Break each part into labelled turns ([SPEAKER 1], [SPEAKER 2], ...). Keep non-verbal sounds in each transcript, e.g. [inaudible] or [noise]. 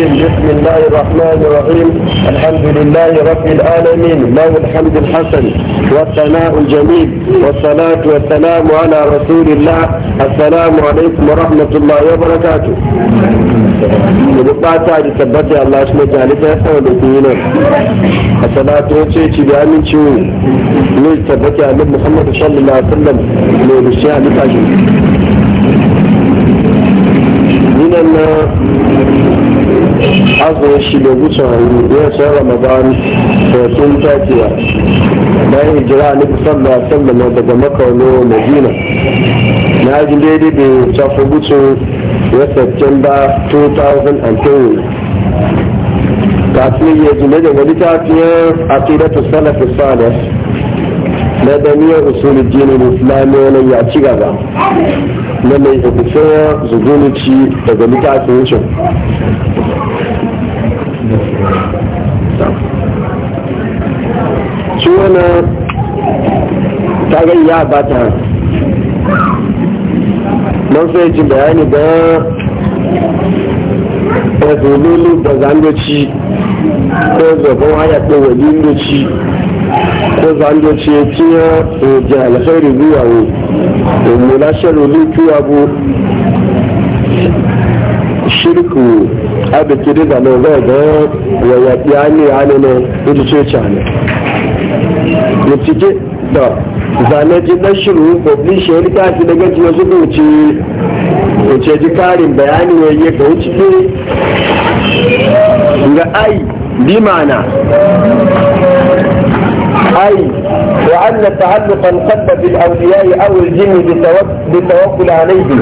[SPEAKER 1] الرجيم بسم الله الرحمن الرحيم الحمد لله رب العالمين له الحمد الحسن والثناء الجميل والصلاة والسلام على رسول الله السلام عليكم ورحمة الله وبركاته الله azumin shi da wucin hannu ya san ramadan da sun tafiya bayan hijira na musamman na daga na madina na ji daidai da tafi wucin ya september 2010 kafin ya ji da wani tafiyar sana salafi salaf na daniyar usulun jinin islami wani ya ci gaba na mai ofisar zugunuci daga littafin wucin kaga ya ba ta don sai ji bayani ga ɗazololu da zandoci ko zagon haya ko wajen ko zandoci ya ciye oje zuwa wo bu shirku abiki da zama zai ga hannu hannu na ita ce ce Mutike da zane ji na shiru publish ya rika shi daga ji wasu wuce wuce ji karin bayani ne ya ga wuce ga ai bi mana أي وأن التعلق القلب بالأولياء أو الجن بالتوكل عليهم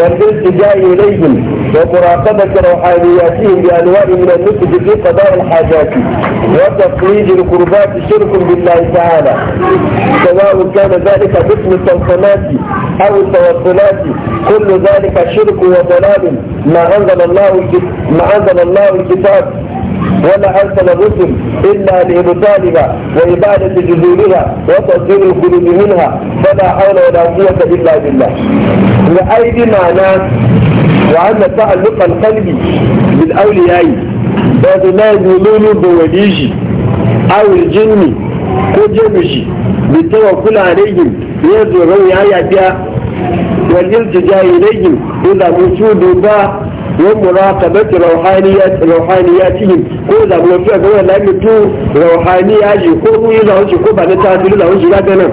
[SPEAKER 1] والالتجاء إليهم ومراقبة روحانياتهم بأنواع من النسج في قضاء الحاجات وتفريج القربات شرك بالله تعالى سواء كان ذلك باسم التوصلات أو التوصلات كل ذلك شرك وضلال ما أنزل الله ما أنزل الله الكتاب ولا أرسل الرسل إلا لإبطالها وإبادة جذورها وتصدير القلوب منها فلا حول ولا قوة إلا بالله لاي معناه وأن تعلق القلب بالأولياء wato na yi lulun da wani shi awul jinni ko jami shi bi tawa kula rigin ya zoro ya yafiya wajen su jayi rigin ko zaɓi su duba wa muraqabati rauhaniyat rauhaniyatihim ko da mu fi ga wannan mutu rauhaniya ji ko mu yi zawo ko ba da tasiri zawo shi ga nan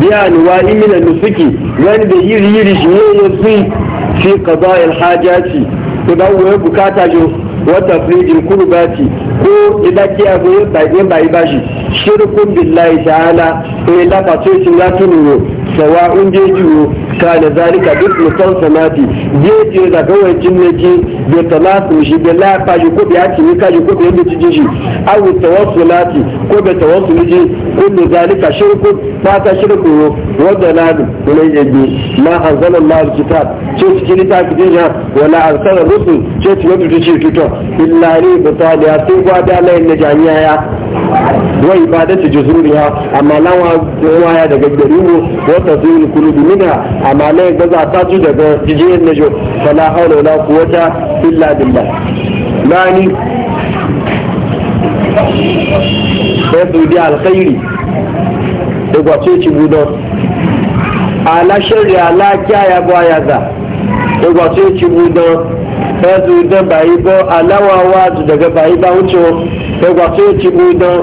[SPEAKER 1] biya ni wa imina nusuki wani da yiri yiri shi ne yasi fi qada'il hajati idan wani bukata jo wata firijin kudu bati ko idan ke abu yin baƙin bayi bashi shirkun billahi ta'ala ko idan fasoci na tunuwo sawa'un jejiwo kana zalika duk mutan samati je je da kawai jinnaki da talatu shi da la ka ji ko biya ci ka ji ko biya ci shi aw tawassulati ko be tawassuli kullu zalika shirku fa ta shirku wa da dalalu ne yaji ma anzala Allah kitab ce cikin ta je ja wala arsala rusul ce ci wato ce to illa ri li da sai ba da lai na jami'a ya wa ibadatu juzuriha amma lawa ya daga gari mu wa tazil kulubi minha amma la za ta ju daga jijiyar najo fala haula wala quwwata illa billah lani sai bi alkhairi da gwace ci budon ala shari'a la kyaya ya za da gwace ci budon ezu da bayi bo alawa wazu daga bayi ba wuce da gwaso ci budan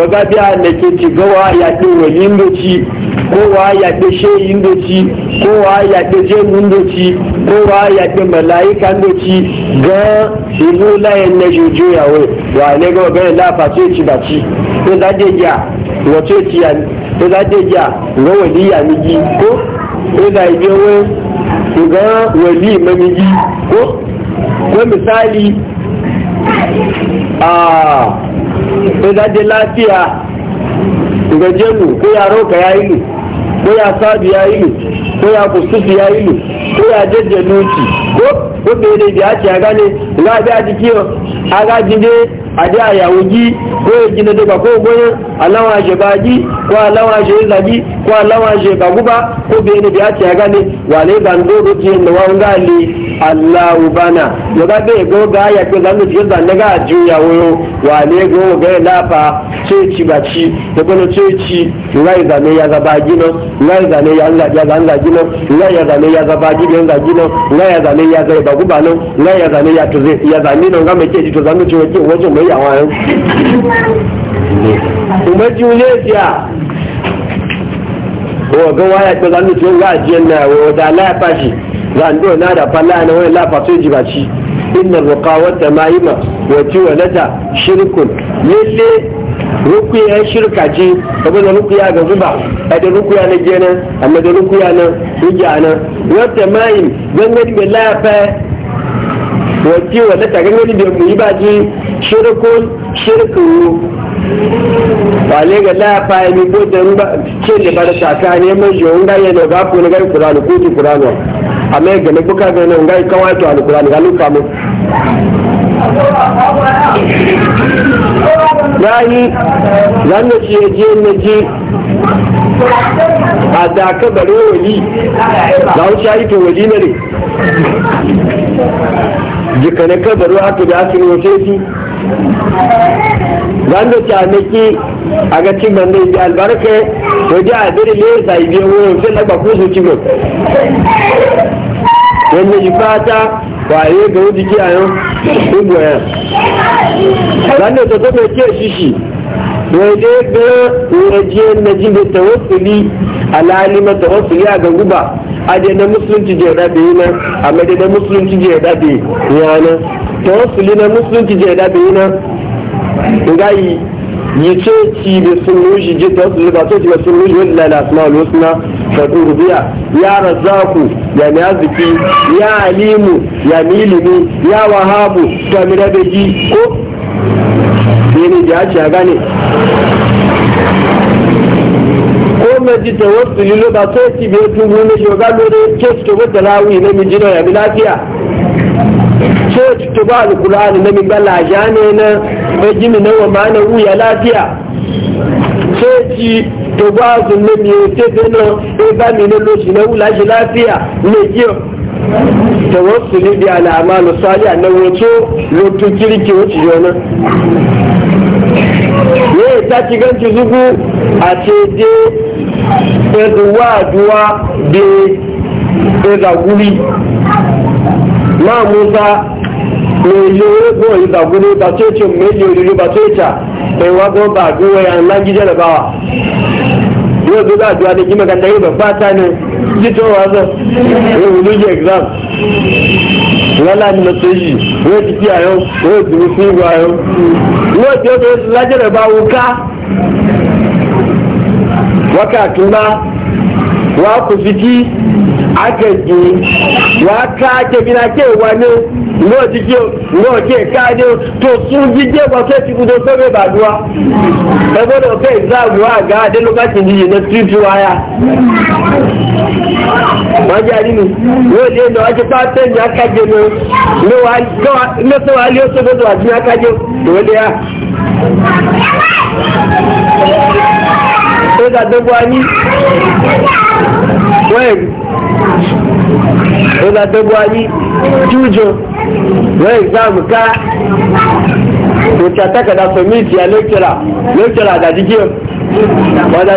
[SPEAKER 1] waga biya da ke ci gawa ya ɗi wajen doci kowa ya ɗi sheyin doci kowa ya ɗi jemun doci kowa ya ɗi mala'ikan doci ga ilu layin e na juju yawo wa ne ga waga la fa so ci baci ko za de ya wato ci ya ko za de ya ga wali ya miji ko ko da ibe we ga wali mamiji ko ko misali a ɗaje lafiya ga jenu ko yaro ka ya ko ya sabi ya yi ko ya kusufi ya yi ko ya jajje nuki ko ko bai da ya ce a gane ga da jiki a gaji ne a da ya wuji ko ya gina daga ko goyon alawa shi baji ko ko alawa je ga guba ko be ne biya ce ga ne wale ban do do je ne wa nga li Allahu bana yo ga be go ga ya ko zan je zan ga ju ya wo wale go ga la fa ce ci ba ci da ko ce ci ngai zane ya ga ba gino ngai zane ya nga ya ga nga gino ngai ya zane ya ga ba gino nga gino ngai ya zane ya ga ba guba no ngai ya zane ya to ya zane no ga me ce to zan ce wo ce wo ce mai ya wa [laughs] Umejiulezia wa ọ̀gá wáyà pé lánàá tí ó wà jẹ́ náà ọ̀dà aláàpàṣì làǹdó náà dàpá láàánú wọn láàpàṣẹ ìjìbà sí inna ruqawata ma'ima wa wa tiwalata shirkun lalle rukuya shirka ce abin da rukuya ga zuba a da rukuya na gena amma da rukuya na hujja na wata ma'im gangan da lafa wa wa gangan da mu yi baji shirkun shirkun wale ga la fa ni bo dan ba ce le bar ta ka ne mai yo nga ya no ga ko ne ga qur'an ko ti qur'an wa amma ga ne buka ga ne nga ka wato al qur'an ga lu mu yayi zan ne ci je ne ji a da ka bare wali za wuce yi to wali ne jikane kabaru haka da ake yi shi zanda ci a a ga cimman na yi albarka to ji a biri ne sa yi biyan wuyan fi lagba ko su cimman wanda ji fata waye ga wuji ki a yau ugu ya zanda ta zama ke shishi wai dai ga wajen na jibin tawassuli alalima tawassuli a ga guba adadin musulunci je da bai nan a da musulunci je da bai yana fili na musulunci je da ga yi ngayi yace ci da sun rushi je fili ba to ci da sun rushi wallahi la asma wal husna fa rubiya ya razzaku ya naziki ya alimu ya milimi ya wahabu to mi da ji ko ne da ya ci gane gwamnati ta wasu lilo ba sai ci biyu tubu na ba lori church ta wata lawi na min jina ya mi lafiya church ta ba alkulani na mi bala ja ne na majimi na wa ma'ana wuya lafiya church ta ba su na mi ta dana ya ba mi na loshi na wula shi lafiya ne jiyo ta wasu libi al'amalu sali a na wato lokacin kirki wacce jona yóò ìtàkì gẹ́ǹtì zúgbú àti èdè ẹ̀dùnwá àdúwá dé ẹ̀dàgúrí máa musa mèlè ẹ̀gbọ́n ìdàgúrí bàtí ètò mèlè òrìrì bàtí ètà ẹ̀wà gbọ́n bà àdúwẹ̀ àńlájíjẹ́ lẹ́bàá yóò gbé bá àdúwá ní jímẹ̀kàtà yóò bẹ̀ pátá ni fitowa zan ya wuri ga exam lọ́la ni mo ṣe yìí ti kí àyọ́ wọ́n ti mi fún ìwà àyọ́ wọ́n ti ó ti lájẹ̀rẹ̀ bá wo ká wákàtí máa wa ku fiti aka ji wa ka ke bina ke wani ne no ji ke ka ne to su ji ke wa ke ti kudo so be ba duwa da bodo ke za wa ga da lokacin ji na trip waya ma ja ni ni wo le no ake pa te ni aka je no no wa ko no so wa le so bodo wa ji aka je to le ya tó dàdógbó ayé wẹ́ẹ̀rì tó da ayé jújọ wọ́n ẹ̀gbáàmù da òtí àtàkàdà fẹ̀míìtì àlẹ́kẹ̀rà lẹ́kẹ̀rà àdàdíjẹ́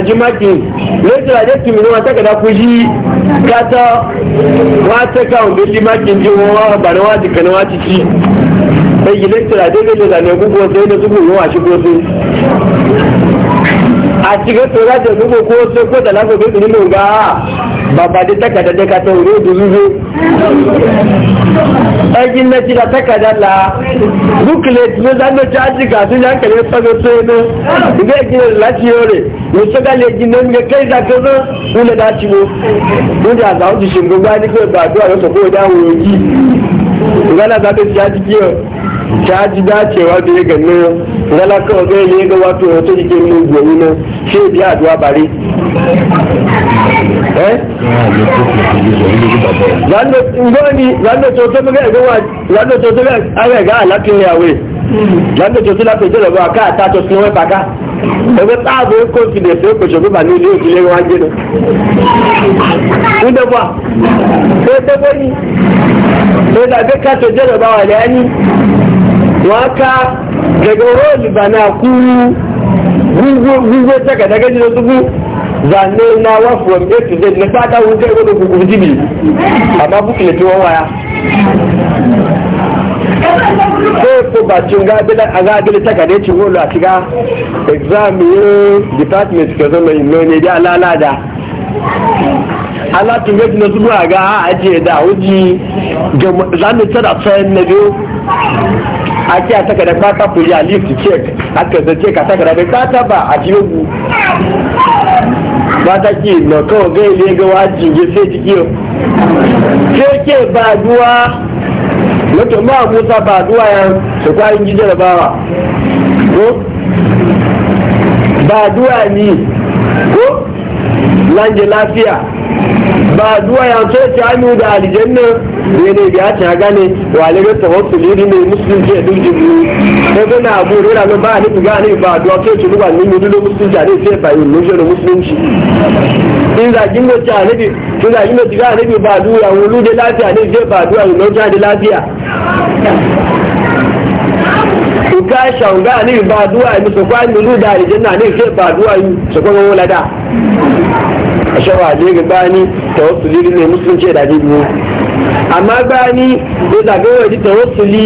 [SPEAKER 1] kimi ne lẹ́kẹ̀rà jẹ́kì mi ní wọn àtàkàdà kú yí kátọ́ wọ́n àtẹ́kà òǹdẹ́lì mákì ní wọn ọ̀bàrẹ̀ wọn àti kẹ̀nà wọn àti tí èyí lẹ́kẹ̀rà dẹ́gẹ́dẹ́ ìlànà ẹ̀kú gbọ́sẹ̀ ẹ̀dẹ́sùgbò yóò àṣígbọ́sẹ̀ a cikin tora da zubo ko so ko da lafi bai tsiri ga babba da takada da ka tauro da zubo ɗagin na cila takada la buklet ne zan da ci aji ga sun yankale fago so ne ga gina lati yore ne so ga le gina ne kai za ka zo da ci mo ne da za su shingo ba ba duwa da ko da wuri gana za ta ci aji kiyo ta ji dacewa da ya gano gala kawai zai ne ga wato wata jikin mu gomi na shi biya aduwa bare eh? zando ngoni zando toto ga ga wa ga aga ga alatin yawe zando toto la pe jelo ba ka ta to sino ba ka ebe ta bo ko ti de se ko jogo ba ni le le wa je no ndo ba se te bo ko da be ka to jelo ba wa le waka daga roli ba na kuru gugwe taka daga jina zubu zane na wafu wa mbe tu zai na sata wuce wadda gugu jibi amma buku ne tuwon waya sai ko ba cin gabila a gabila taka ne cin wolo a shiga exam ye department ka zama ino ne da alalada alatun gaji na zubu a ga a ajiye da wuji zanen tara tsayin na biyu ake a saka da kaka fuli a lift check aka zace ka saka da bai kata ba a ku ba ta ki na kawo ga ile ga wajin ya sai jiki sai ke ba duwa wato ma musa ba duwa ya su kwayin gidan bawa ko ba duwa ni ko lanje lafiya ba zuwa ya so ta hannu da aljanna ne ne ya ta gane wa ne ta wasu liri ne musulun ce duk jibu ko na abu rera no ba ni ga ne ba duwa ke ci ruwa ni mu dole musulun ta ne sai ba yin mu jira musulunci in za gingo ta ne bi in za gingo ta ne bi ba duwa wulu da lafiya ne sai ba duwa yin ta da lafiya Ìka ṣàǹgá ní ìbàdúwà ìmùsùnkwa ìmùlú ìdá ìjẹ́ náà ní ìfẹ́ ìbàdúwà yìí ṣùgbọ́n wọn a shawa je ga bani tawassuli ne musulunci da je biyu amma bani ko da ga wani tawassuli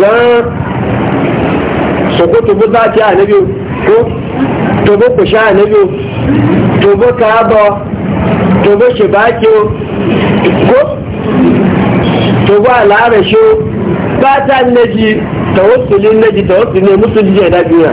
[SPEAKER 1] ga sokoto bu za ta annabi ko to ba ku sha annabi to ba ka ba to ba shi ba ko to ba la'ara shi ba ta naji tawassulin naji tawassulin musulunci da biyu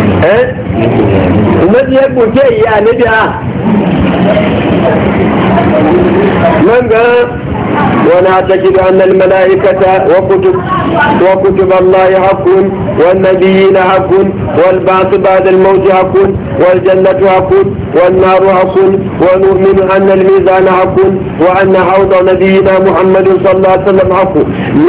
[SPEAKER 1] eh umaru ya koke iya nabi a man ga ونعتقد أن الملائكة وكتب, وكتب الله حق والنبيين حق والبعث بعد الموت حق والجنة حق والنار حق ونؤمن أن الميزان حق وأن حوض نبينا محمد صلى الله عليه وسلم حق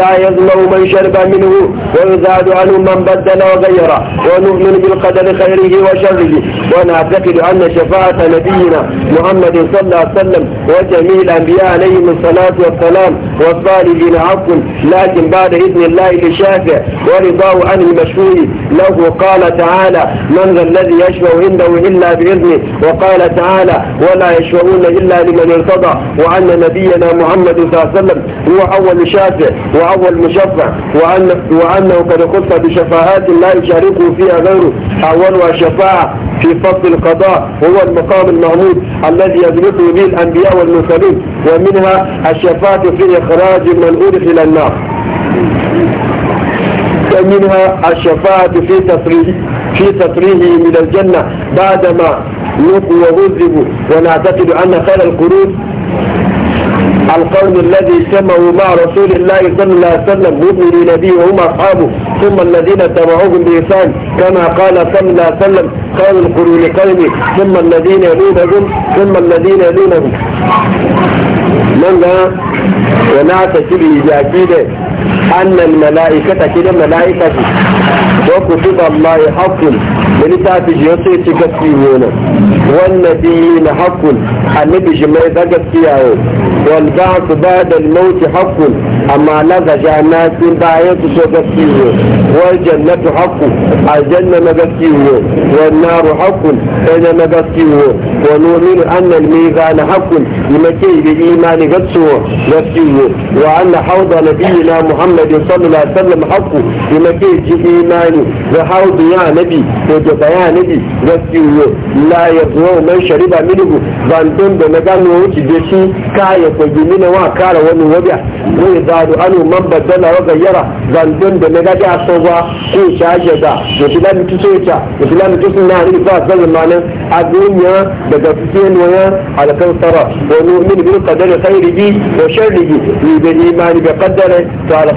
[SPEAKER 1] لا يظلم من شرب منه ويزاد عنه من بدل وغيره ونؤمن بالقدر خيره وشره ونعتقد أن شفاعة نبينا محمد صلى الله عليه وسلم وجميع الأنبياء عليهم الصلاة والسلام السلام والصالحين عفوا لكن بعد إذن الله لشافع ورضاه عن المشهور له قال تعالى من ذا الذي يشفع عنده إلا بإذنه وقال تعالى ولا يشفعون إلا لمن ارتضى وأن نبينا محمد صلى الله عليه وسلم هو أول شافع وأول مشفع وأن وأنه قد خص بشفاعات لا يشاركه فيها غيره أولها شفاعة في فضل القضاء هو المقام المحمود الذي يدركه به الأنبياء والمرسلون ومنها الشفاعة في إخراج من أدخل النار ومنها الشفاعة في تفريج في تفريجه من الجنة بعدما نقوا وغذبوا ونعتقد أن خير القلوب القوم الذي سموا مع رسول الله صلى الله عليه وسلم هم به وهم أصحابه ثم الذين تبعوهم بإحسان كما قال صلى الله عليه وسلم قال القرون قومي ثم الذين يلونهم ثم الذين يلونهم من لا ونعتشي بإجاكيده أن الملائكة كده ملائكة وكتب الله حق من يعني تاتي جيوتي تكتبيون والنبيين حق أن جمعي ذاك والبعث بعد الموت حق أما لذا جانات بايت تكتبيون والجنة حق الجنة مكتبيون والنار حق إذا مكتبيون ونؤمن أن الميزان حق لمكي بإيمان قدسه وأن حوض نبينا محمد muhammad sallallahu alaihi wasallam haqqu bima ke ji imani wa haudu ya nabi ko da baya nabi wasiyo la yazo man shariba minhu ban don da naga no wuce da shi kaya ko gimina wa kara wani wabiya ko ya zadu anu man badala wa gayyara ban don da naga da so ba ko shaje da da bilan tusoya da bilan tusunna ni fa sallallahu a duniya daga imani bi qadari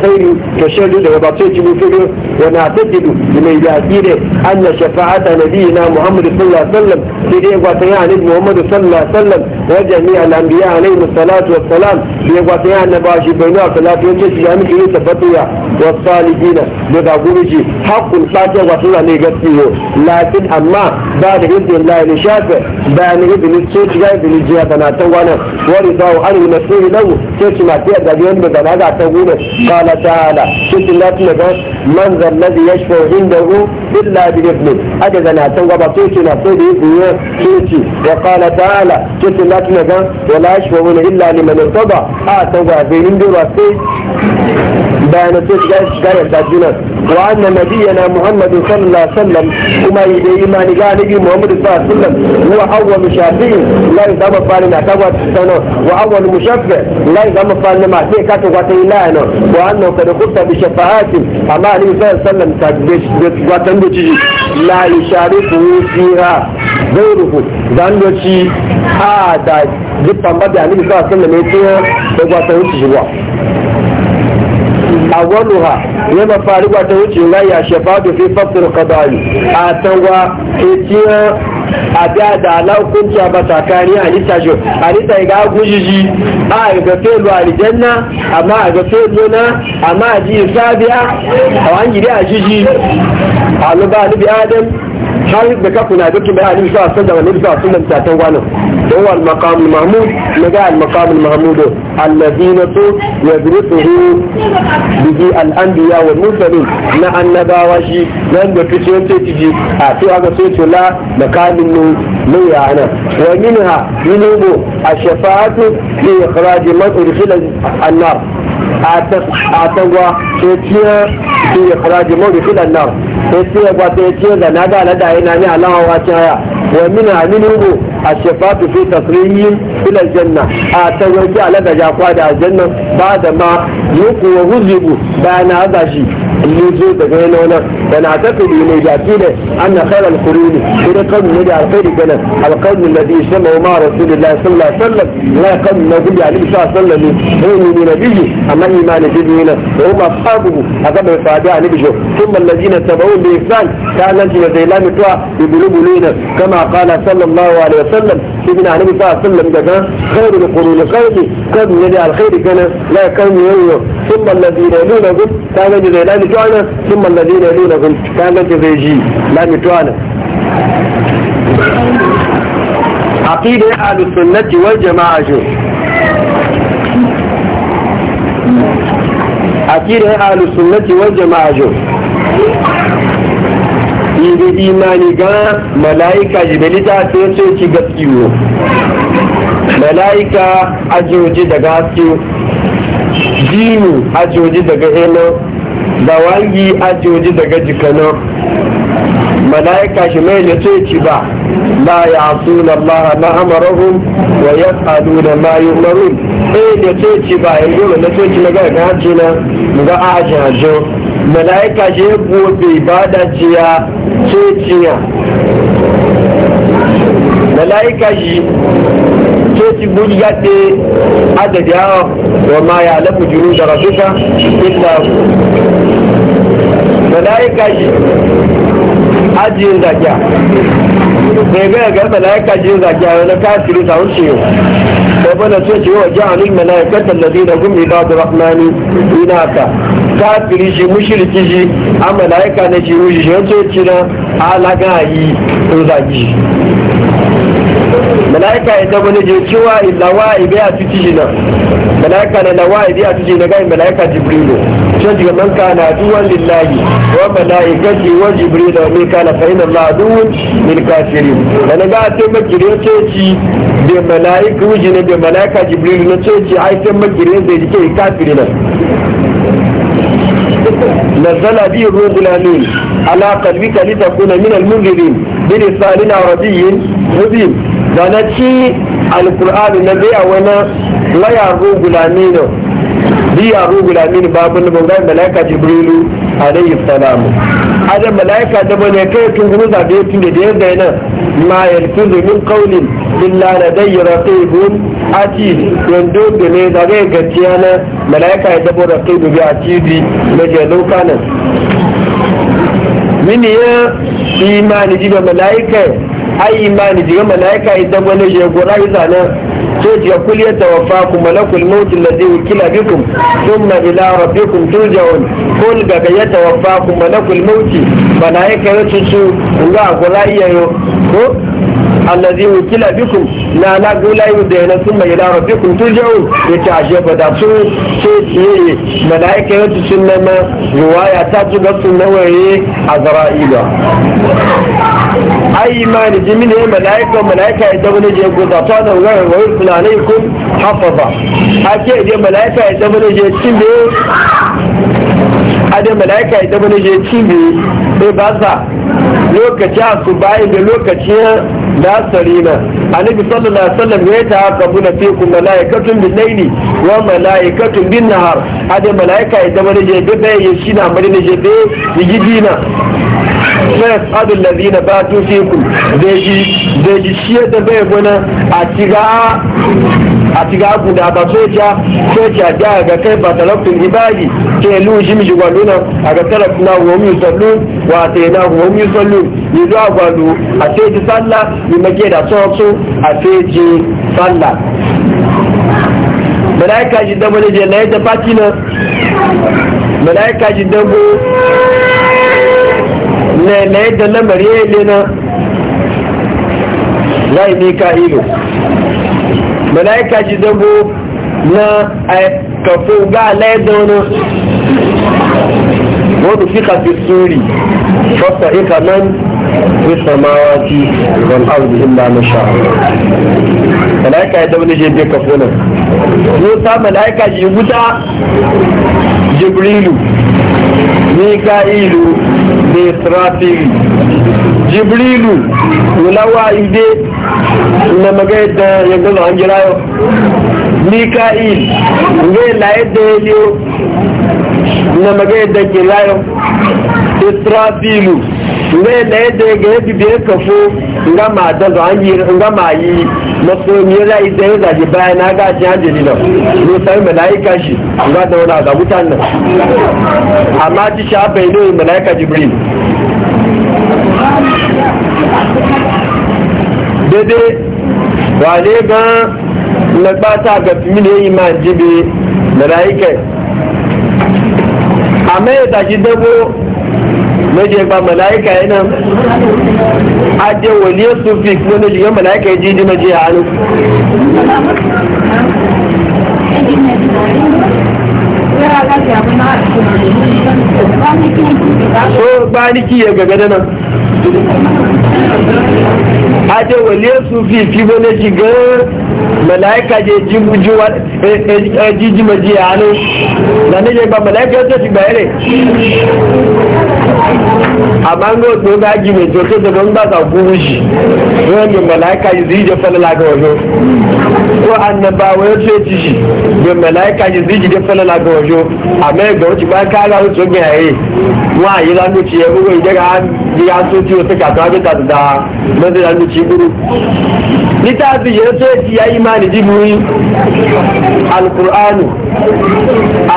[SPEAKER 1] to الخير تشدد وبطيت بفكر ونعتقد بما يعتقد أن شفاعة نبينا محمد صلى الله عليه وسلم سيدي وتيان محمد صلى الله عليه وسلم وجميع الأنبياء عليهم الصلاة والسلام في وتيان نباشي بينها صلاة يجيش عن كل تفتيا والصالحين لذاقومجي حق الفاتح وصلنا نيغتيه لكن أما بعد إذن الله لشافع بعد إذن السوش غير بالجهة أنا توانا ورضاه عن المسيح له سيسمع تيدا بيان مدن هذا تقول قال ta'ala cikin da kuma ga man zallabi ya shi ohin da ru illa bi ibni aka zana can gaba to ce na so da yi yi ce ce ya kala ta'ala cikin da kuma ga wala shi wa illa liman tuba a san gaba bai indira sai bayana sai su ga yarda juna wa anna nabiyana muhammad sallallahu alaihi wasallam kuma idan imani ga nabi muhammad sallallahu alaihi wasallam huwa awwal shafi'i la yadama fani na kawa wa awwal la yadama fani ma sai ka wa anna kada bi shafa'ati amma ali sallallahu alaihi wasallam ta da la yushariku fiha a da jippan ba da da shi wa awwaluha yana faruwa ta wuce ga ya shafatu fi fasl qada'i a tawa etiya a da ala hukunci a matakani a nita jo a nita ga gujiji a ga felu a rijanna amma a ga felu na amma a ji sabiya a wani gidi a jiji a luba adam har da ka kuna duk da Ali sa sallallahu alaihi wasallam ta tan gwanin da wal maqam al mahmud na ga al maqam al mahmud alladhina tu yadrisuhu bihi al anbiya wal mursalin na annabawa shi nan da kace yace tiji a to aga sai to la makamin nu ne ya ana wa minha yunubu ashfa'atu li ikhraj man urfila an annar. atagwa sai ciye su ya fara jimo da filan nan sai ciye ba sai ciye da na da alada yana ne alama wacin haya wa mina aminu ugu a shafatu fi tasrihin filan janna a tagwarki alada jakwa da aljanna ba da ma yi kuwa huzibu bayan na haza shi يجي تجينا هنا فنعتقد إن جاتينا أن خير القرون إلى قوم نجي على خير جنة القوم الذي اجتمعوا مع رسول الله صلى الله عليه وسلم لا قوم النبي عليه الصلاة والسلام من نبيه أما إيمان جدينا وهم أصحابه أقام الفادع نبجه ثم الذين تبعوه بإحسان كان الذي زي لا متوع ببلو كما قال صلى الله عليه وسلم سيدنا علي صلى الله عليه وسلم خير القرون خير كم يدع الخير كان لا كان يوم ثم الذين يلونهم كان جزي لا نتوانا ثم الذين يلونهم كان جزي جي لا نتوانا عقيدة أهل السنة والجماعة جو عقيدة أهل السنة والجماعة جو ni da imani ga mala'ika jibilita ta ce ki gaskiyo mala'ika ajoji daga haske jini ajoji daga eno dawangi ajoji daga jikano mala'ika shi mai da ce ki ba la ya suna Allah na amarahun wa ya tsadu da mayu marun eh da ce ci ba yanzu da ce ci na ga na ga ajin ajo malaika je gobe bada ciya ce ciya malaika shi ce ci buji gaɗe adadi hawa wa ma ya lafi juru da rafika illa malaika shi ajiyar da kya daga ga malaika ji za ki ayo kafiri ta wuce yau bana ce ce wa ja'alul malaikata rahmani kafiri shi mushriki shi a malaika na shi ce na alaga yi malaika ita bane je cewa ilawa ibe a tuti na malaika na lawa ibe a titi na ga malaika jibrilu يشج من كان عدوا لله وملائكته وجبريل ومن كان فإن الله عدو للكافرين أنا قاعد تمكن يتشي بملائكة وجنة بملائكة جبريل نتشي عايز تمكن يتشي كافرين نزل به الروح الأمين على قلبك لتكون من المنذرين بلسان عربي مبين زانتشي القرآن النبي أولا لا يعرفون غلامينه hiya ruhu da min babun bangar malaika jibrilu alayhi salam adam malaika da bane kai tun guru zabe tun da yadda yana ma yalfizu min qawlin illa yi raqibun atid wando da ne da ga gaciya na malaika ya dabo raqibu bi atidi da ke lokana mini ya imani jiba malaika ai imani jiba malaika ya dabo ne je gora yi zanen sai ya kul ya tawaffakum malakul maut alladhi wukila bikum thumma ila rabbikum turja'un kul ga ya ku malakul maut malaika ya tusu ga gura iyayo ko allazi wukila bikum na la gula yu da yana sun mai lara bikum turja'un ya ce ashe ba da su ce na mala'ika yadda sun nama ruwaya ta ci ba sun nawaye a zara'ila ai imani jimi ne mala'ika mala'ika ya zama ne je guda ta da wuri wuri tunanai kun hafaza ake je mala'ika ya zama ne je cin da mala'ika ya zama ne je cin da ba sa lokaci bayan da lokacin nasarina annabi sallallahu alaihi wasallam ya ta haka na fi malaikatun bin laili wa malaikatun bin nahar hada malaika ya zama da jebe yi shi na mari da jebe na. fa yasadu allazina batu fikum zai ji zai ji shi da bai gona a tiga a tiga guda ba soja soja da ga kai ba talakun ibadi ke lu shi mi gwaluna a ga talakuna wa mu sallu wa tayna wa mu sallu ni zuwa gwalu a sai ji sallah ni make da so a sai ji sallah malaika ji dabo ne je na yadda fati na malaika ji dabo na na yadda lamari ya yi na zai ne ka ilo malaika ji dabo na kafin ga alayyar da wani wani fika fi suri fasa ika nan fi samawati wal ardi illa ma sha malaika ya dabo na je bi kafin nan musa malaika ji wuta jibrilu mika'ilu be traffic jibrilu wulawa ide na magai da yanzu yau mika'il na da yau ne na yadda ga yadda biyar kafo nga ma da zo an yi nga ma yi masoyi rai da ya zaji bayan na ga jihar jalila ne sai malaika shi nga da wani da mutan nan amma ji sha bai ne malaika jibril daidai wale ga na bata ga ne yi ma jibe malaika amma ya zaji dabo méje gba mọ̀láíkà yìí náà ajé wòlí èso fi ìpínlẹ̀ méjì yọ mọ̀láíkà yìí jíjí amma ga wato ga ji mai toto da ban ba ka guru shi wani malaika yi zai falala ga wajo ko annabawa ya ce ci da malaika yi zai je falala ga wajo amma ga wato ba ka ga wato ga yayi wa yi da ci ya ugo ida ya so ci wata ka ta da da mun da mu ci guru litafi ya so ci ya imani diburi alqur'anu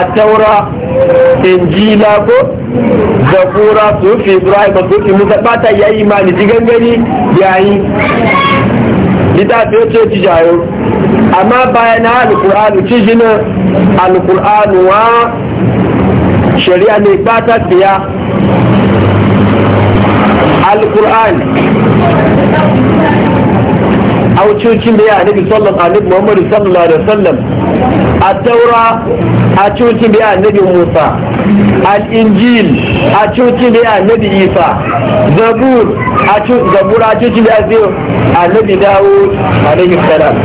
[SPEAKER 1] at-taura injila ko su fi ibrahim sufi musa bata ya yi imani ya yi yayi litafiyo ce ci jayo amma bayan na alkur'anu ci jina alkur'anu wa shari'a ne bata biya alkur'an a wucin da ya nabi sallallahu alaihi muhammadu sallallahu alaihi wasallam a taura a cuci da annabi musa al'injil a cuci da annabi isa zabur a cuci da annabi dawo alaihi salam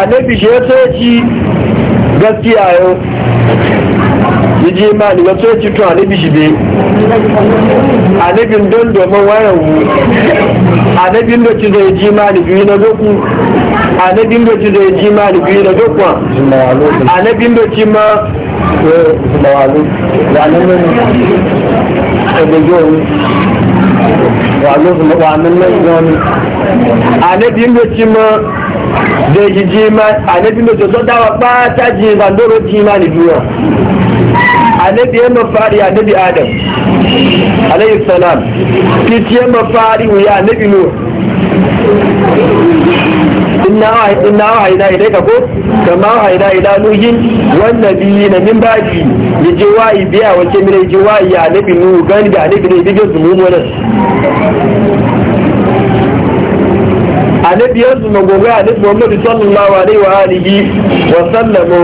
[SPEAKER 1] annabi shi ya gaskiya yau yaje ma ni ga sai ci to anabi ale anabin don domin wayan wu anabin da ci zai ji ma ni biyu na ale anabin da ci zai ji ma ni biyu na ale anabin da ci ma anabin da ci ma zai ji ji ma anabin da ci zai dawa ba ta ji ma doro ji ma ni annabi ya mafari annabi adam alayhi salam titi ya mafari ya annabi nuh inna wahaina ilaika ko kama wahaina ila nuhin wannan biyi na min baji ya je wa'i biya wace mire je wa'i ya nabi nu gani da nabi ne bige su mu wannan annabi yanzu magogo annabi Muhammad sallallahu alaihi wa alihi wa sallamu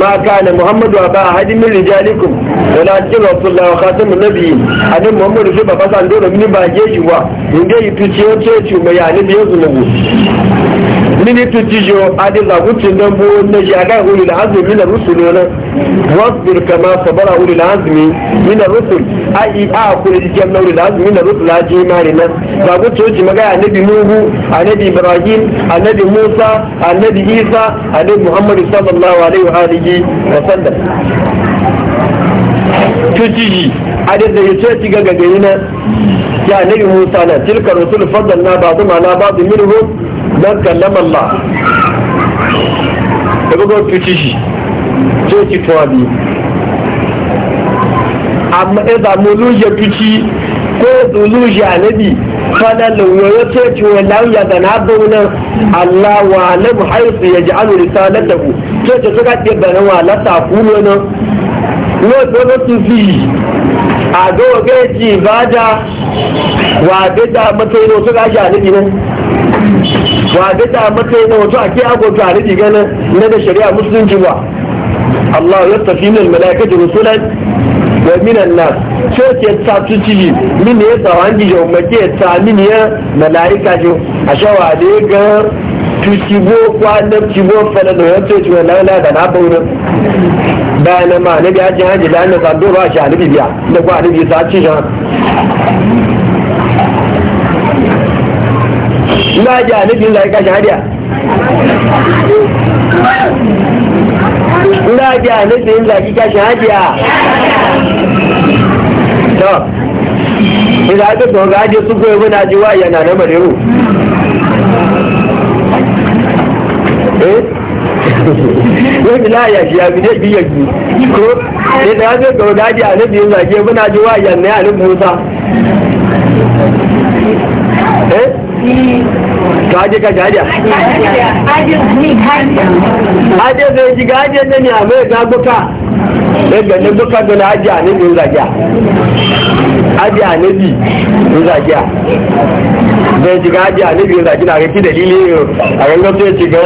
[SPEAKER 1] ما كان محمد وابا احد من رجالكم ولكن رسول الله وخاتم النبي ان محمد في بابا سان دور من باجي جوا ان جاي تشيو تشيو ما يعني بيوزنه mini tujijo adila wucin don bu na ji aga ulil azmi na rusul wala wasbir kama sabara ulil azmi min rusul ai a kula ji jamna ulil azmi min rusul aji imani na ga wucin ji magana annabi nuhu annabi ibrahim annabi musa annabi isa annabi muhammad sallallahu alaihi wa alihi wa sallam tujiyi adil da yace ci ga gagari na ya annabi musa na tilka rusul faddalna ba'dhum ala ba'd minhum man kallama Allah da buga tuci shi ce ki tuwabi amma idan mu luje tuci ko duluje anabi fada lauyoyi ce ce wa lauya da na zauna Allah wa alamu haifu ya ji alu risalatahu ce ce suka ce bane wa lata kuno na ne dole su fi a ga wa gaji ibada wa bida matsayin wasu gaji anabi ne wa ga ta matsayi na wato a ake agoto a rigi ganin na da shari'a musulunci ba Allah ya tafi min malaikatu rusulan wa minan nas so ke ta tuci min ne ta wangi yau, make ta min ya malaika jo a shawa da ga tucibo kwanan cibo fana da wato ciwo lala da na baurin bayan ma na biya jin hajji da na zando ba shi alibi biya da kwa alibi sa ci
[SPEAKER 2] shan
[SPEAKER 1] ina ji annabi da ka shahadiya ina ji annabi da ka shahadiya to ina ga to ga je su goyi muna ji waya na na mareru eh wani na ya shi ya bi ne biya bi ko da ga to ga je annabi da ke muna ji waya na eh gaje ka gaje aje zai ji gaje ne ne a mai ga daga ne buka don aje a nabi zagiya aje a nabi zagiya zai ji gaje a nabi zagiya na ga ki dalili a gangan sai ci ga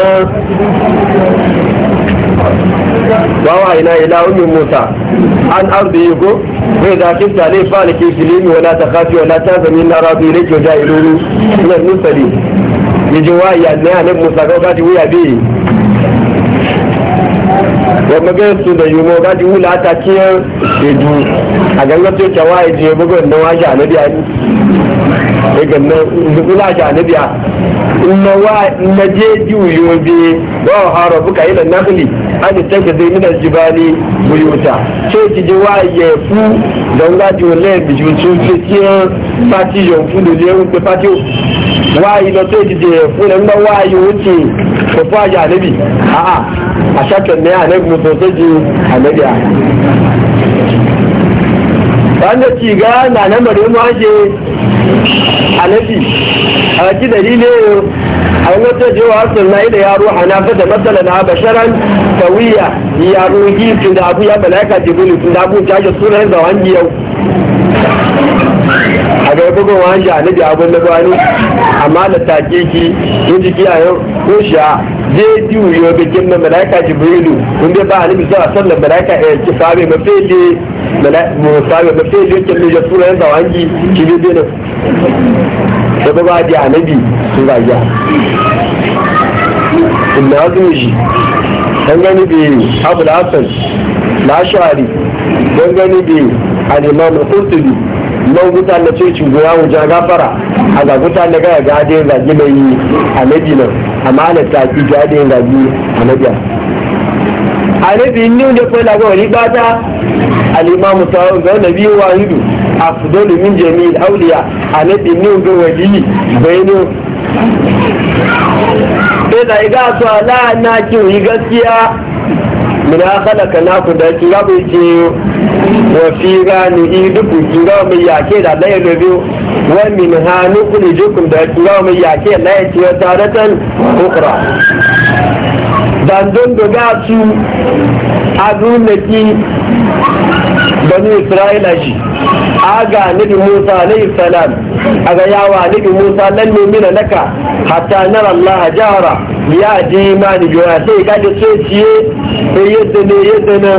[SPEAKER 1] ba wa ina ila ummi musa an arzu yi ko bai da kin ne fa alki filimi wala ta khafi wala ta zami na rabu ne ke da iruru ne musali ni ji wa ya ne ne musa ko ga ti wuya bi wa maga su da yumo ga ti wula ta ke ji a ganga ce ta wa ji bugun da wa ja ne daga nukula shi anabiya na je wa haro buka ila an ta buyuta ce ki wa ye fu don ga bi ju ce pati yo fu le pati wa yi do ce je fu na wa yi ko fa a a a shakan ne anabi mu ji anabiya ci ga na nan bare mu aje anabi a ji dalilin yau a wata jewa na ida yaro hanafa da matsala na basharan tawiya ya rugi tun da abu ya balaka jibril tun da abu ke sunan da wani yau a ga bugun a anabi abin da bani amma da take ki in jiki a yau ko sha zai ji wuyo da kin malaika jibrilu kun dai ba annabi sallallahu alaihi wasallam malaika ya ci sabe ba sai le mu sabe ba sai le kin ya sura da wangi ki bi bi da ba ba da annabi sun ga ya inna azuji dan gani bi abul hasan lashari dan gani bi al-imam al-qurtubi nan guta na ce ci goya wujan gafara a ga guta na ga ga dai zagi mai a madina amana ta ti jáde ìgbàgbé àmẹ́jà àníbi ko la pé ri bata al imam tawon ga nabi wa hidu a fudolu min jami'in auliya àníbi ní oúnjẹ wàdí bayno sai da iga to ala na ki gaskiya mina halaka na ku da ki rabu ki وفيها نعيدك كرام ياكي لا يلبيو ومنها نخرجكم كرام ياكي لا يتيو تارة أخرى dandun da za su azumaki bani isra'ila shi aga nabi musa alayhi salam aga yawa nabi musa lan mumina naka hatta nara allah jahara ya ji imani jona sai ka da sai ciye sai yadda ne yadda na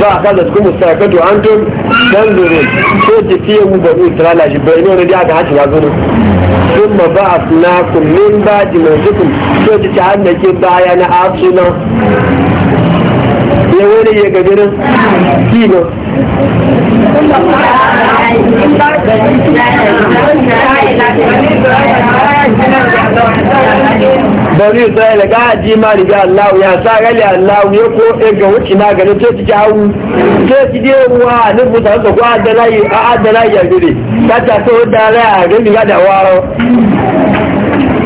[SPEAKER 1] فأخذتكم الساكة وأنتم تنظرون سوتي فيهم بنو إسرائيل بينون دي أكا هاتي وازونو ثم بعثناكم من بعد موتكم سوتي تعالنا كي بايانا انا ya يا ولي يا nan kino
[SPEAKER 2] Thank
[SPEAKER 1] bari isra'ila ga aji ma riga allahu ya sa gali allahu ya ko e ga wuce na gari to ci jawu to ci je ruwa ne buta da ko adalai a da adalai ya gire ta ta so da ra a gari ga da waro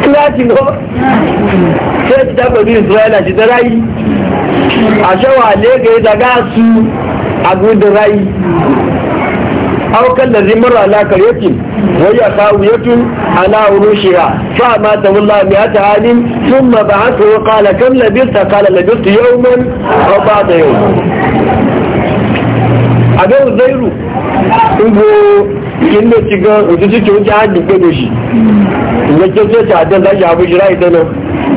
[SPEAKER 1] klati no to ci da bari isra'ila ji da rai a shawa ne ga daga su a gudun rai aukan da zimmar alaƙar yakin وهي خاوية على عروشها فمات والله مئة عام ثم بعثه قال كم لبثت قال لبثت يوما أو بعض يوم أبو الزيرو kin da shiga wasu suke wuce hajji ko da shi wacce ce ta da za shi abu shi rai ta nan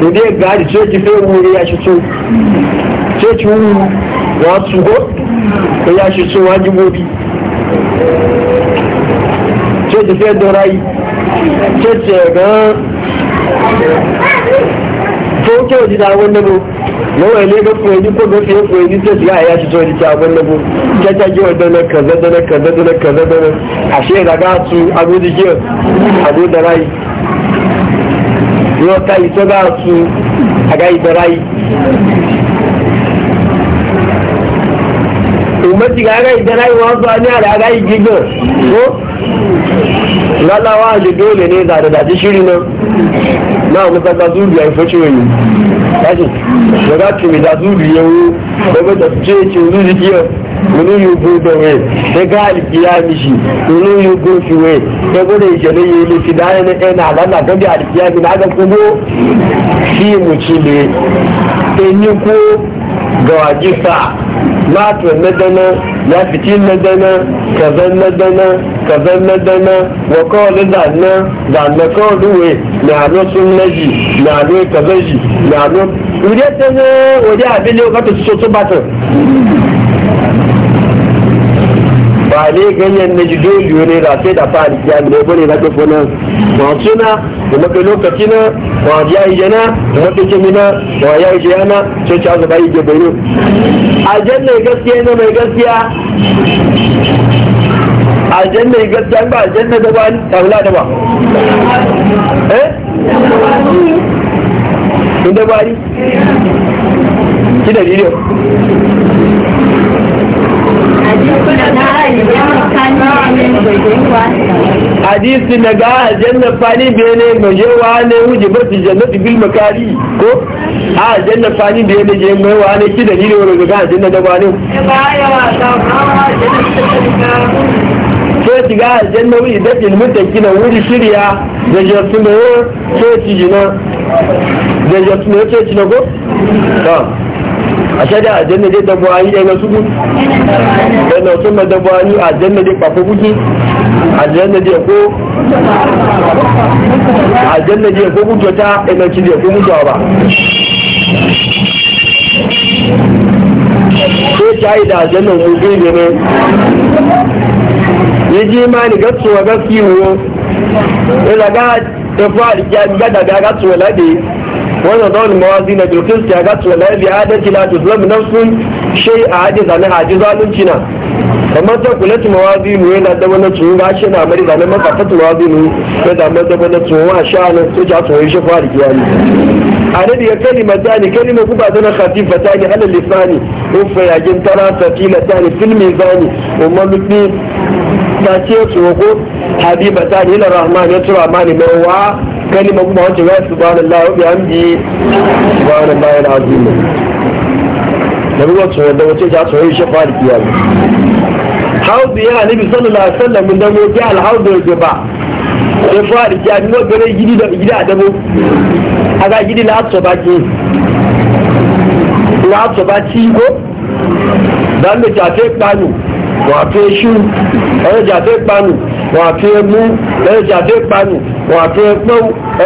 [SPEAKER 1] to dai ga hajji ce ki sai wuri ya shi so ce ki tafiyar da rayu cece ga ko kyau ji da abin da bu yawai ne ga koyi ko ga fiye koyi ta ya a yashi tori ta abin da bu ta ta ji na kaza da na kaza da na kaza da na ashe da ga su abu da ke abu da ta yi ga su a ga yi
[SPEAKER 2] da
[SPEAKER 1] ti gaga idana yi wọn sọ ní àdága igi gan ó lọ́láwọ́ àjòdó lè ní ìdàdàdà tí ṣírí náà náà mo tata zúùdù àìfọ́ṣẹ́wẹ̀ yìí láti lọ́gá tìmì ìdá zúùdù yẹn wó lọ́gbẹ́ tàbí tí ó zúùdù kí ọ olóyún ogun dọ̀wẹ̀ ẹgbẹ́ àlìkìyà nìṣì da ogun fìwẹ̀ ẹgbẹ́ ìṣẹ̀lẹ̀ yìí lè ne dáhẹ́ ní ẹ̀nà àlànà àtọ́jú àlìkìyà mi náà gbogbo fíìmù ne ko kú gọ̀wàjífà matar na dana ya fiti na dana kazan na dana kazan na dana wa kawai zanna zanna kawai duwe na no sun naji na no kazan ji na no wuri ta ne wuri abin ne wakata su so su batun ba ne ganyen na jido biyu ne da sai da fari ya ne bane na tafi nan masu na da mafi lokaci na wa ya yi jana da mafi kimi kimina wa ya yi jana sai ci azaba yi gebenu a mai gaskiya na mai gaskiya a mai gaskiya ba aljanna da ba tawla da ba eh inda bari ki da hadisi na ga aljanna fani bene mai yawa ne wuce bata jannatu bil makari ko a aljanna fani bene je mai wa ne ki ga aljanna da ba ne sai shiga aljanna wuce da ilmin taki na wuri shirya da jasu ne sai ci jina da jasu ci na ko a shaɗa a janna dai dabba yi ɗaya su gudu ɗaya sun ma dabba yi a janna dai ɓafa gudu a janna dai ko a janna dai ko gudu ta dai ko gudu ba ko ta da janna gudu ne ne ya ji ma ni gatsuwa gaskiyo ya zaga ta fara gada ga gatsuwa ونضع الموازين بالقسط أغاث ولا بإعادة لا تظلم نفس شيء عاجز عن عاجز ظالمتنا kamar ta kula ta mawazi mu yana da wani tsohon ga shi na mari zanen maka ta mawazi mu ya zama da wani tsohon a sha nan su ja tsohon shi fara kiyani a nabi ya kalima ta ne kalima ku ba zana khatifa ta ne ala lisani ufa yagin tara ta kila ta ne filmi zani umma lutni ta ce tsohon habiba ta ne ila rahman ya tura mani mai wa kalimar kuma wacce ga subhanallah wa bihamdi subhanallah alazim da ruwa tsoro da wace ta tsoro shi fara kiyama haudu yana nabi sallallahu alaihi wasallam da mu ga alhaudu da ba ya fara kiyama ne gare gidi da gidi a dabo aga gidi na to ba ke na to ba ci ko dan da ta te panu wa te shu eh ja te wọ́n àti ẹmú ẹjà dé panù wọ́n àti ẹpẹ́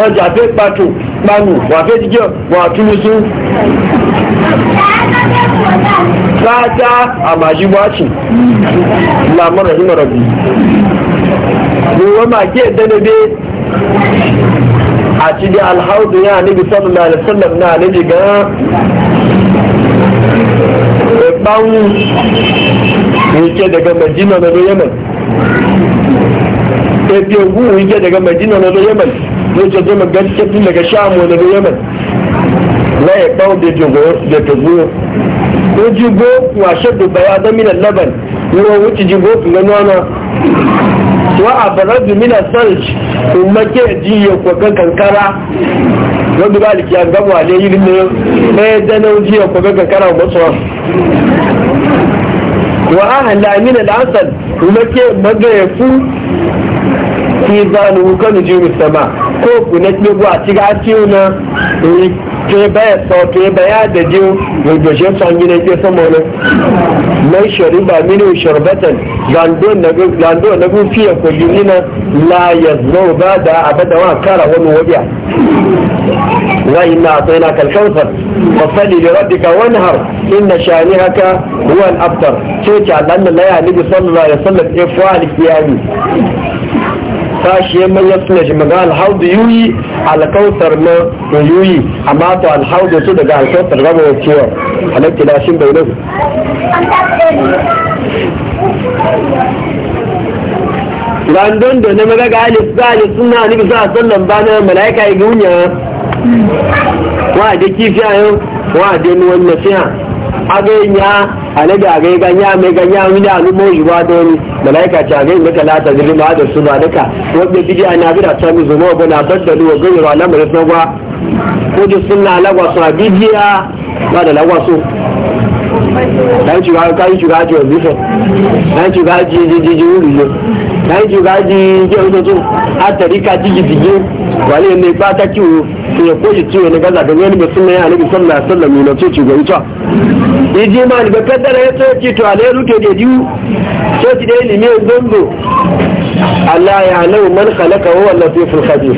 [SPEAKER 1] ẹjà dé pàtó panù wọ́n àti jíjẹ́ wọ́n àti lùsù sáájá àmàjíwáṣì làmọ́rẹ̀ nímọ̀rọ̀ bí ni wọ́n máa jẹ́ ìdẹ́nẹ́dẹ́ àti di alhaudu yá níbi sọ́lọ̀lá alẹ́sọ́lọ̀m náà níbi yẹ́mẹ̀ ne biyan guhu yake daga madina na zo yaman zai ce zo gaske daga shamu na zo yaman na ya kawo da jogo da togo ko jigo washe dubba ya zama minan laban ruwan wuce jigo kuma nuna wa a barazu minan sarji kuma ke ji ya kwaga kankara wanda ba da kiyar gaba wale yi ne na ya dana ji ya kwaga kankara wa matsuwa wa ahala minan asal kuma ke magayafu fi zanu kanu jimi sama ko ku na ti gwa ti ga ti una ke ba so ke ba ya da ji mu da shi san gine ke sama ne mai shariba minu sharbatan gando na gando na gu fiye ko yinina la yaznu ba da abada wa kara wani wabiya wa inna atayna kal kawthar fasalli li rabbika wanhar inna shanihaka huwa al abtar ce ce Allah la ya nabi sallallahu alaihi wasallam ifwa al qiyami فاشي ما يطلع شي مقال هاو دو يوي على كوثر ما دو يوي اما تو على هاو دو سودا قال كوثر ما هو كيو على تلاشين بينه لندن دو نمغا قال يسال يسنا اني بسا سلم بانا ملايكا يقونيا واحد كيف يا يوم واحد ينوى النسيان aganya anabi agai ganya mai ganya mini alu mo yuwa doni malaika ta gai maka la ta zuri ma da suna daka wanda bidi ana bi da ta mi zuma ba na baddalu wa gairu ala mu rasu ko ji sunna lagwa sa bidiya ba da lagwa so dan ci ga ka ci ga ji obi so dan ci ga ji ji ji ji yo dan ci ga ji ji ojo to a tarika ji ji ji wani ne ba ta kiwo ya koyi kiwo na gaza da wani mutum ya nabi sallallahu alaihi wasallam ne ce ga ita yaji ma ni kaddara ya ce to alai ruke da diu sai ki da ilimi gongo ألا يعلم من خلق هو اللطيف الخبير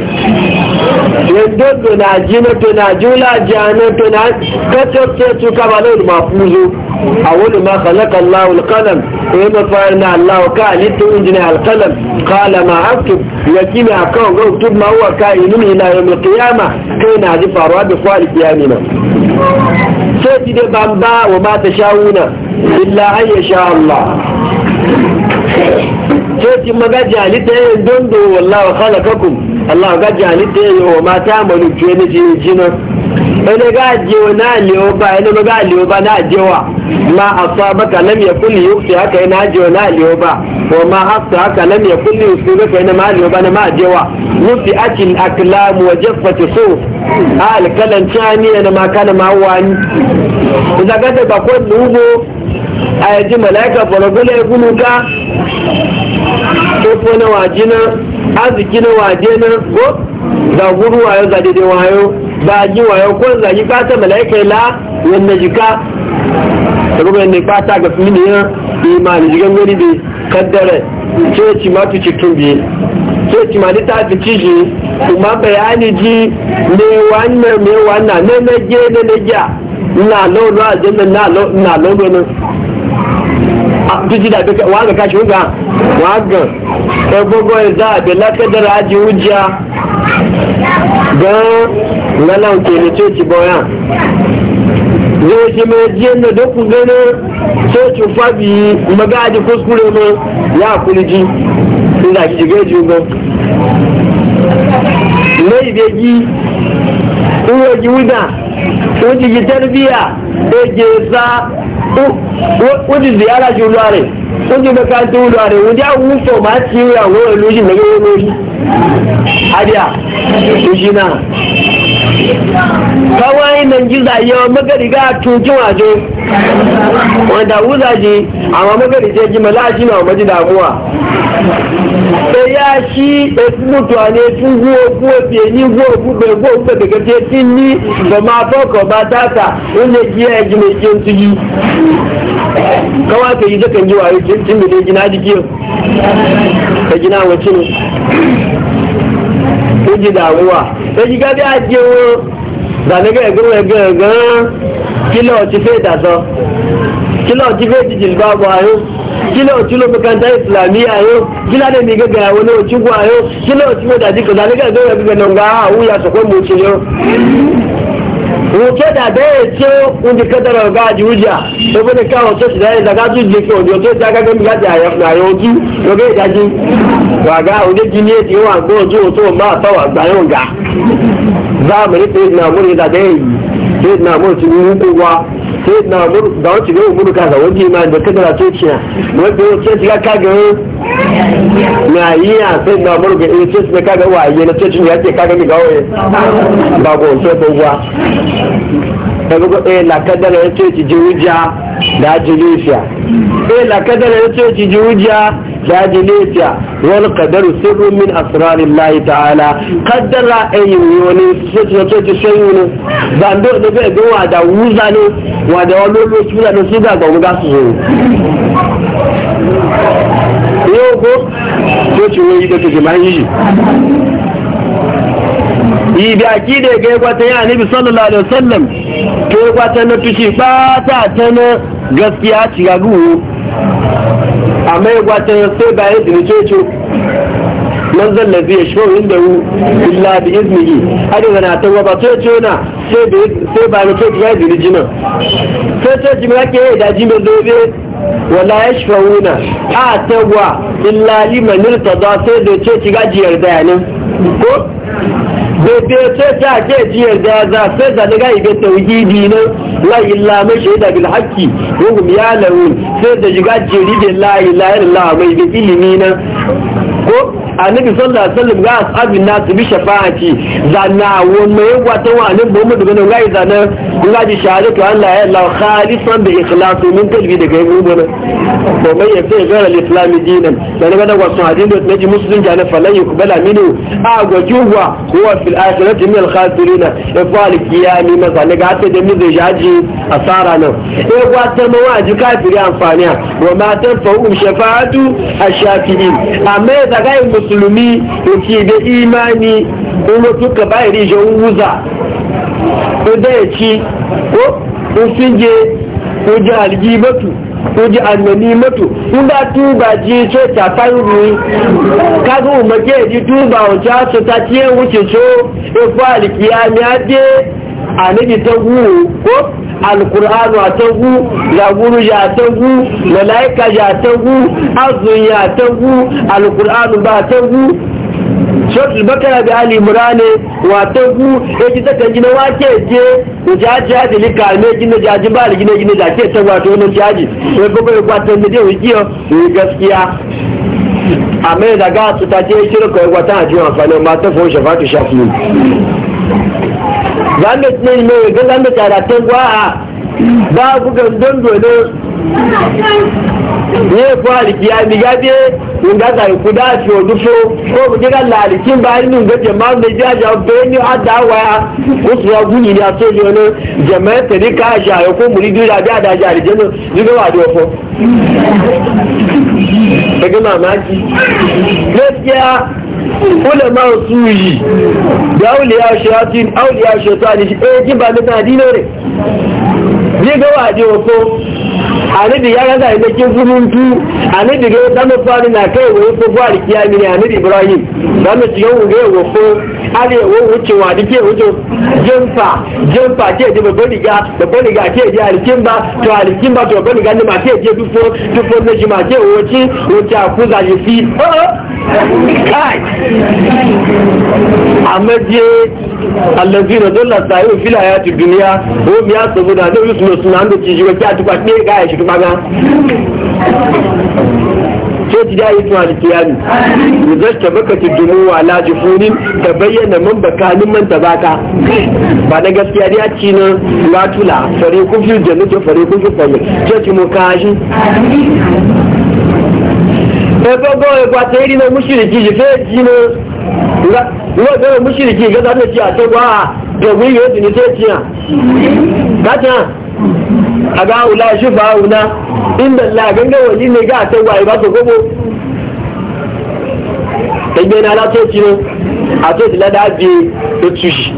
[SPEAKER 1] يدد ناجينة ناجولة جانة ناج كتب تيتوك بلون مفوز أول ما خلق الله القلم إما فعلنا الله قال إتو إنجنا القلم قال ما أكتب يكيني أكون أكتب ما هو كائنون إلى يوم القيامة كينا هذه فارواد فعل قيامنا سيدي بامبا وما تشاهونا إلا أن يشاء الله Thank you. sai maga jali ta yin dondo wallahi khalaqakum Allah ga jali ta yin wa mata malu ke ne ji jina ene ga je na liyo ba ene ga liyo ba na jewa ma asabaka lam yi yuqti haka ina je na liyo ba wa ma hasa haka lam yakul yuqti kai na ma liyo ba na ma jewa yuqti akin aklam wa jaffati suf al kalan tani ina ma kana ma wani da ga da ba ko lugo a yaji ya gulu ka. epo na waje na arziki na waje na go da guru wayo za daidai wayo za ji wayo ko za ji fata malaika la wanda jika da kuma yadda fata ga fi ne ya imani jigan ne bi kaddara ci ma tu cikin biye ci ma ta fi ji kuma bayani ji ne wannan ne wannan ne na je, ne na gya na lolo a jinnan na lolo na tujida duka wanga kashi wanga wagan ẹgbogbo ẹ̀dá àbẹ̀lá kẹ́dẹ̀rẹ̀ ajé oúnjẹ gan-an lọ́la òkè ní tí ó ti bọ́ yàn zai ce mai jiyan da duk ganin cocin fabi magaji kuskure mai ya kulji sun da gaji gan mai begi wọ́n jí wúdà wọ́n ti jí tẹ́lifíà èjì ìsá wọ́n ti zì ara ju lọ́ọ̀rẹ̀ wọ́n ti mẹ́ka tó lọ́ọ̀rẹ̀ wọ́n ti àwọn fọ̀ máa ti rí àwọn olóyìn mẹ́kẹ́wọ́ lórí. Adiya, oṣù náà. Kawai Nàìjíríà yọ wanda wuza ji Wọ́n dàwúzà jí àwọn mẹ́kẹ́rì jẹ́ jí mẹ́láàjì náà mọ́jú dàmúwà. èyí á ṣí ètùmùtù àní ètùwú ogún òbí èyí wú ogún gbẹ̀gbọ́ gbẹ̀gbẹ̀ tí ní ìgbọ̀mọ afọ́kọ̀ bá dáta ó lè jí ẹ̀jìn lè jẹun ti yí. kọ́wá kèyí tó kẹ̀yìn wà lójú tí mi lè jìnnà náà ó jí wa wọn kílọ̀ ti fẹ́ kílọ̀ kila otu lo makaranta islamiyya yo kila da miga ga wani otu gwa yo kila otu mo daji kaza ne ga zo ya e e ga nan ga a wuya su kwan moci yo wuce da da ya ce wani kadara ga ji to bane ka da ya daga su ko yo to ta ga gami ga da ya na yo ki yo ga da ji wa ga wani gini ya e ti wa go zo to ma ta wa ga yo ga za mu ri pe na mu ri da dai pe na mu ti ni ko wa sai na umar da wacce ga umar ka ga wani ma da kada to ce na da wacce ga ka ga na yi ya sai na umar ga ce ne ka ga waye na ya ce ka ga mi ga waye ba go so ko wa da ga eh la kada na da ji
[SPEAKER 2] eh
[SPEAKER 1] la kada na ce ji jaji lefiya wani kadaru sirrin min asirarin layi ta'ala kaddara ayi yi wani sojoji shayu ne zando da bai ga wada wuza ne wada wani lokaci wuza ne su ga ga wuga su zo yau ko ko ci wani da ta jama'a yi yi da ki ga gwata ya nabi sallallahu alaihi wasallam to gwata na tushi ba ta ta gaskiya ci ga amma ya gwata sai ba ya dirce ce man zalla ya shi wani da hu illa bi iznihi hadi zana ta wata ce ce na sai ba ya ce ya dirji nan sai ce ji mai ya daji mai zobe wala na a ta tagwa illa liman za sai da ce ci gaji yarda ne ko bebe ce ta ke jiya da za sai da daga ibe tauhidi ne la ilaha shaida bil haqqi wa hum ya'lamun sai da jiga jeri da la ilaha illallah mai ilimi na ko annabi sallallahu alaihi wasallam ga ashabin nas bi shafa'ati zanna wanda ya gwata wa annabi Muhammad gano ga zanna kun ga ji shahadatu Allah ya Allah khalisan bi ikhlas min qalbi daga yau gona to mai ya sai gara al-islam dinan dan ga da wasu hadin da naji muslim jana falan yuqbala minhu a gwajuwa huwa fil akhirati min al-khasirin ifal qiyami ne ga ta da mizai jaji asara nan ya gwata mawaji kafiri amfaniya wa ma tanfa'u shafa'atu ash-shafi'in amma zagai musulmi yake da imani kuma tuka bai rijin wuza ko da ya ci ko sun je ko ji algibatu ko ji almanimatu kun ba tuba ji ce ta fanru kaga umake ji tuba wacce su ta ciye wuce so ko alkiyami ade a nabi ta guru ko alkur'anu a tagu laguru ya tagu malaika ya tagu azun ya tagu alkur'anu ba tagu shekul bakara da ali murane wa tagu ya ji takan gina wake je jaji ya kame gina jaji ba gina gina jake ta wato wani jaji ya gaba ya kwatan da zai wikiyo gaskiya a mai daga su ta je shirka ya kwatan a jiwon amfani ma ta foshe fatu shafi zanda ne ne ga zanda tara tan gwa babu gandan dole ne ko alikiya mi gabe in ga zai ku da shi odu so ko mu ga lalikin ba ni ga jama'a mai jaja be ni ada waya ko su ya guni ni aso ne jama'a ta ni ka ja ko muridu da da da ja je ne su yi da auliya auliya na eh, dinare ní gawa àjẹ́ ko anabi ya gaza ina ke zumuntu anabi ga ta mu fari na kai wo ko fari kiya ibrahim dan mu ciyo ga wo ko ale wo wuce wa dike wuce jempa jempa ke de bari ga da ga je alkin ba to alkin ba to bari ga ni ma ke dufo dufo ne ma ke wo ci wo ta ku za fi kai amaje allazina dalla sayu fil hayati dunya wo mi asabu da ne yusuf sunan da ci ji shi kuma ga ce ji da yi tuwa da kiyami yuzar ta baka ta dumo wa laji funin ta bayyana man bakanin man ta baka ba na gaskiya da ya ci na latula fare kufi da nufin fare kufi fare ce ci mu kashi ẹgbẹ́ gbọ́ ẹgbà tẹ rí náà múṣìrìkì yìí fẹ́ jí ní wọ́n bẹ̀rẹ̀ múṣìrìkì ìgbẹ́ta lè ti àtọ́gbà àgbẹ̀wé yóò sì ní tẹ́
[SPEAKER 2] ti
[SPEAKER 1] hàn a ga hula shi ba hula inda la ganga wani ne ga ta waye ba ta gobo ẹgbẹ́ ní alátòtí ní àtòtí ládá di otu yìí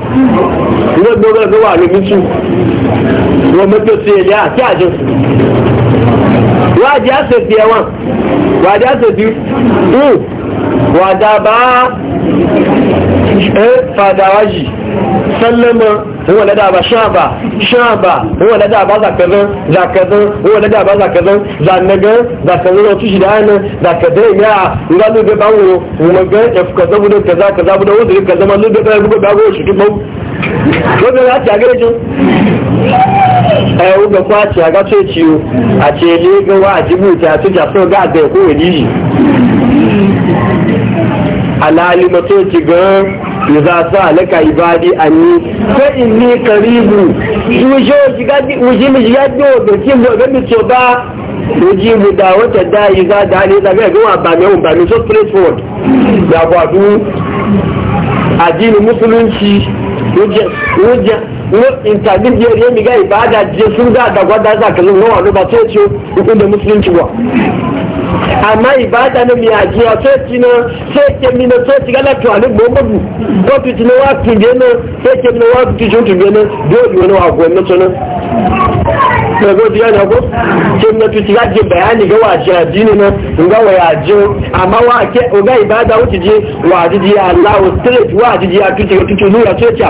[SPEAKER 1] ní gbogbo ẹgbẹ́ wà lómi Wa wọ́n mẹ́tò sí ẹ̀lẹ́ àti àjọ wádìí àṣẹ̀tì ẹ̀wọ̀n wádìí àṣẹ̀tì ń wàdàbá ẹ̀ fàdàwájì sallama huwa na daba shaba shaba huwa na daba huwa na daba tushi da ana bawo ga ya fuka zabu da kaza kaza bu da wanda ka zama bawo shi wanda ya aga ce a ce le ga wa ta so ga da ko ci ga idza laka ibadi anni fa inni qaribun ujo jigadi uji mi jigadi o be ti mo ba uji mi da o da yi za da ni da be go aba mi o ba mi so straight forward ya ko adu adini musulunci uje uje no intermediate yemi ga ibada je sun da da gwada za ka wa no ba so ce da musulunci ba amma ibada ne mi ajiya sai ci na sai ke mi na sai ci gala to alin muhammadu ko tu ci na wa tu je na sai ke mi na wa tu ci tu je na dole wani wa gwan na tsanan na go diya na go sai na tu ci ga je bayani ga wa ji addini na ga wa ya ji amma wa ke o ga ibada wuce je wa ji ji Allah straight wa ji ji tu ci tu ci ya sai ta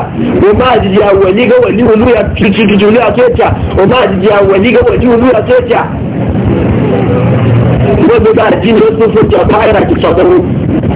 [SPEAKER 1] o ma ji ji wali ga wali wali ya tu ci tu ci ya sai ta o ma ji ji wali ga wali wali ya sai ta gbogbo àti ní ó tún fún ti ọ̀pá ẹ̀rà ti sọ̀tọ̀rọ̀